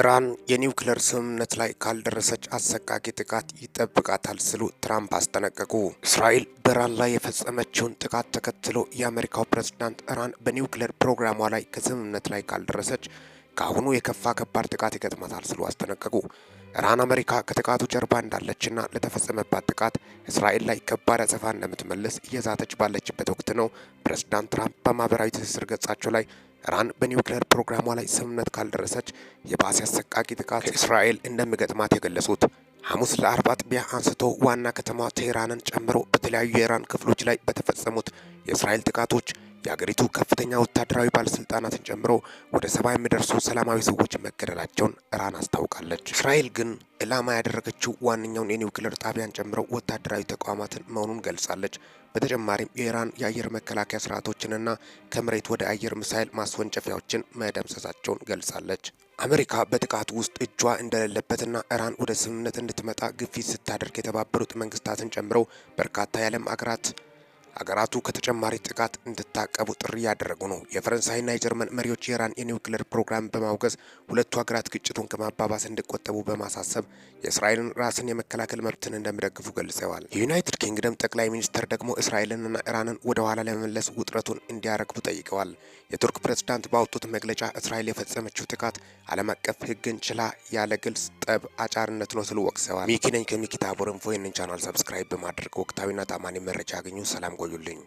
ኢራን የኒውክሌር ስምምነት ላይ ካልደረሰች አሰቃቂ ጥቃት ይጠብቃታል ሲሉ ትራምፕ አስጠነቀቁ። እስራኤል በኢራን ላይ የፈጸመችውን ጥቃት ተከትሎ የአሜሪካው ፕሬዝዳንት ኢራን በኒውክሌር ፕሮግራሟ ላይ ከስምምነት ላይ ካልደረሰች ከአሁኑ የከፋ ከባድ ጥቃት ይገጥማታል ሲሉ አስጠነቀቁ። ኢራን አሜሪካ ከጥቃቱ ጀርባ እንዳለችና ለተፈጸመባት ጥቃት እስራኤል ላይ ከባድ አጸፋ እንደምትመልስ እየዛተች ባለችበት ወቅት ነው ፕሬዝዳንት ትራምፕ በማህበራዊ ትስስር ገጻቸው ላይ ኢራን በኒውክሌር ፕሮግራሟ ላይ ስምምነት ካልደረሰች የባሰ አሰቃቂ ጥቃት ከእስራኤል እንደሚገጥማት የገለጹት ሐሙስ ለአርብ አጥቢያ አንስቶ ዋና ከተማ ቴህራንን ጨምሮ በተለያዩ የኢራን ክፍሎች ላይ በተፈጸሙት የእስራኤል ጥቃቶች የአገሪቱ ከፍተኛ ወታደራዊ ባለስልጣናትን ጨምሮ ወደ ሰባ የሚደርሱ ሰላማዊ ሰዎች መገደላቸውን ኢራን አስታውቃለች። እስራኤል ግን ኢላማ ያደረገችው ዋነኛውን የኒውክሌር ጣቢያን ጨምሮ ወታደራዊ ተቋማትን መሆኑን ገልጻለች። በተጨማሪም የኢራን የአየር መከላከያ ስርዓቶችንና ከመሬት ወደ አየር ሚሳይል ማስወንጨፊያዎችን መደምሰሳቸውን ገልጻለች። አሜሪካ በጥቃቱ ውስጥ እጇ እንደሌለበትና ኢራን ወደ ስምምነት እንድትመጣ ግፊት ስታደርግ የተባበሩት መንግስታትን ጨምሮ በርካታ የዓለም አገራት አገራቱ ከተጨማሪ ጥቃት እንድታቀቡ ጥሪ ያደረጉ ነው። የፈረንሳይና የጀርመን መሪዎች የኢራን የኒውክሌር ፕሮግራም በማውገዝ ሁለቱ ሀገራት ግጭቱን ከማባባስ እንዲቆጠቡ በማሳሰብ የእስራኤልን ራስን የመከላከል መብትን እንደሚደግፉ ገልጸዋል። የዩናይትድ ኪንግደም ጠቅላይ ሚኒስትር ደግሞ እስራኤልንና ኢራንን ወደ ኋላ ለመመለስ ውጥረቱን እንዲያረግቡ ጠይቀዋል። የቱርክ ፕሬዝዳንት ባወጡት መግለጫ እስራኤል የፈጸመችው ጥቃት ዓለም አቀፍ ሕግን ችላ ያለ ግልጽ ጠብ አጫርነት ነው ስሉ ወቅሰዋል። ሚኪ ነኝ ከሚኪ ታቦር ኢንፎ። ይህንን ቻናል ሰብስክራይብ በማድረግ ወቅታዊና ታማኒ መረጃ ያገኙ። ሰላም 就领